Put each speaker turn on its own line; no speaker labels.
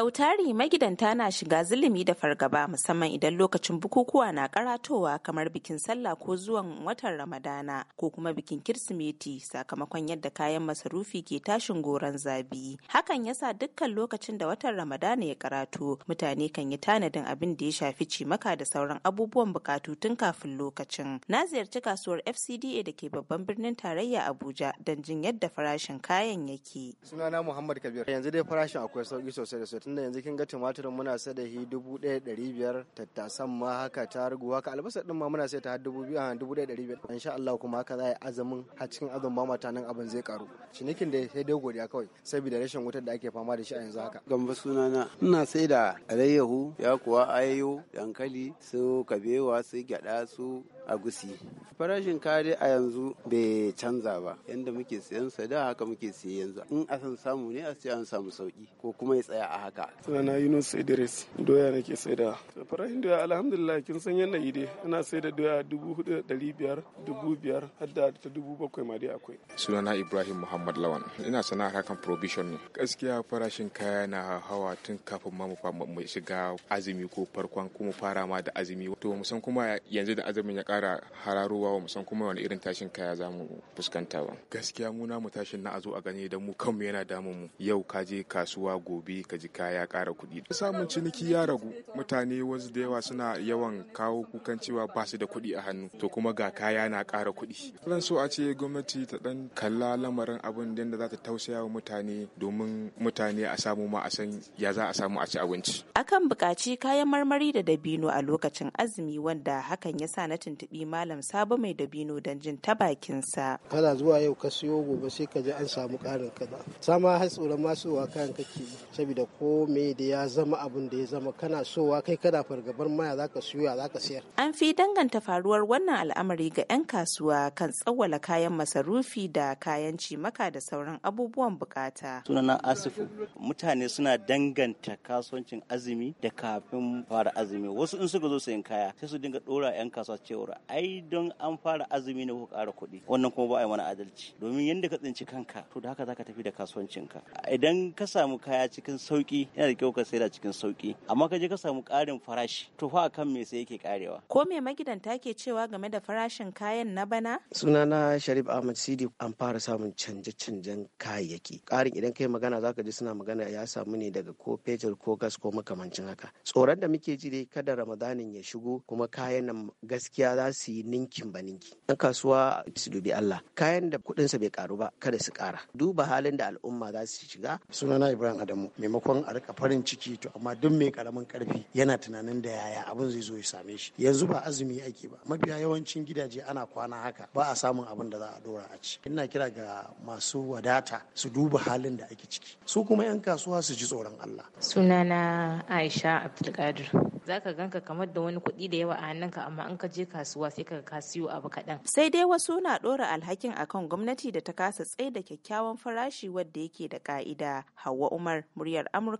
Sautari magidanta na shiga zulumi da fargaba musamman idan lokacin bukukuwa na karatowa kamar bikin sallah ko zuwan watan Ramadana ko kuma bikin Kirsimeti sakamakon yadda kayan masarufi ke tashin goron zabi. Hakan yasa dukkan lokacin da watan Ramadana ya karato mutane kan yi tanadin abin da ya shafi cimaka da sauran abubuwan bukatu tun kafin lokacin. Na ziyarci kasuwar FCDA da ke babban birnin tarayya Abuja don jin yadda farashin kayan yake.
Sunana Kabir yanzu dai farashin akwai sauki sosai da sosai tunda yanzu kin ga tumatirin muna sai da shi dubu ɗaya ɗari biyar tattasan ma haka ta rugu haka albasa ɗin ma muna sai ta dubu biyu a dubu ɗaya ɗari biyar insha Allah kuma haka za a yi azumin har cikin azumin ba mata nan abin zai karu cinikin da sai dai godiya kawai saboda rashin wutar da ake fama da shi a yanzu haka. Gamba sunana ina sai da alayyahu ya kuwa ayo dankali su kabewa su gyaɗa su agusi. Farashin kare a yanzu bai canza ba yanda muke siyan sa da haka muke siyan yanzu in a san samu ne a siya an samu sauki ko kuma ya tsaya a haka. ta'ala. Sunana Yunus Idris doya nake saida. Farashin doya alhamdulillah kin san yanayi dai ana saida doya dubu hudu da dari biyar dubu biyar har ta dubu bakwai ma dai akwai. Sunana Ibrahim Muhammad Lawan ina sana'ar hakan provision ne. Gaskiya farashin kaya na hawa tun kafin ma mu shiga azumi ko farkon kuma fara ma da azumi. To mu kuma yanzu da azumin ya kara hararowa mu san kuma wani irin tashin kaya za mu fuskanta ba. Gaskiya mu na mu tashin na a zo a gani da mu kanmu yana damun mu. Yau ka je kasuwa gobe ka ji kaya ya ƙara kuɗi samun ciniki ya ragu mutane wasu da yawa suna yawan kawo kukan cewa ba su da kuɗi a hannu to kuma ga kaya na kara kuɗi ran so a ce gwamnati ta ɗan kalla lamarin abin da za ta tausaya wa mutane domin mutane a samu ma a san ya za a samu a ci abinci
akan buƙaci kayan marmari da dabino a lokacin azumi wanda hakan ya sa na tuntuɓi malam sabo mai dabino don jin ta bakinsa kana zuwa yau ka siyo gobe sai ka ji an samu ƙarin kaza sama har tsoron masu wa kayan kake saboda ko ko
me da ya zama abin da ya zama kana sowa kai kana fargabar maya za suya siyo ka sayar
an fi danganta faruwar wannan al'amari ga 'yan kasuwa kan tsawwala kayan masarufi da kayan cimaka da sauran abubuwan bukata sunana asifu mutane suna danganta kasuwancin azumi da kafin fara azumi wasu in suka zo sayan kaya sai su dinga dora 'yan kasuwa cewa ai don an fara azumi ne ko kara kuɗi wannan kuma ba a yi mana adalci domin yadda ka tsinci kanka to da haka za ka tafi da kasuwancinka idan ka samu kaya cikin sauki yana da kyau ka saida cikin sauki amma ka je ka samu ƙarin farashi to fa akan me sai yake karewa ko me magidanta ke cewa game da farashin kayan na bana sunana Sharif Ahmad Sidi an fara samun canje-canjen kayayyaki Karin idan kai magana zaka ji suna magana ya samu ne daga ko fetur ko gas ko makamancin haka tsoron da muke ji dai kada ramadanin ya shigo kuma kayan nan gaskiya za su yi ninkin ba ninki ɗan kasuwa su dubi Allah kayan da kuɗinsa bai karu ba kada su kara. duba halin da al'umma za su shiga sunana Ibrahim Adamu maimakon a rika farin ciki to amma duk mai karamin karfi yana tunanin da yaya abin zai zo ya same shi yanzu ba azumi ake ba mafiya yawancin gidaje ana kwana haka ba a samun abin da za a dora a ci ina kira ga masu wadata su duba halin da ake ciki su kuma yan kasuwa su ji tsoron Allah sunana Aisha Abdulkadir zaka ganka kamar da wani kuɗi da yawa a hannunka amma in ka je kasuwa sai ka ka siyo abu kaɗan sai dai wasu na ɗora alhakin akan gwamnati da ta kasa tsaye da kyakkyawan farashi wadda yake da ka'ida Hauwa Umar muryar Amurka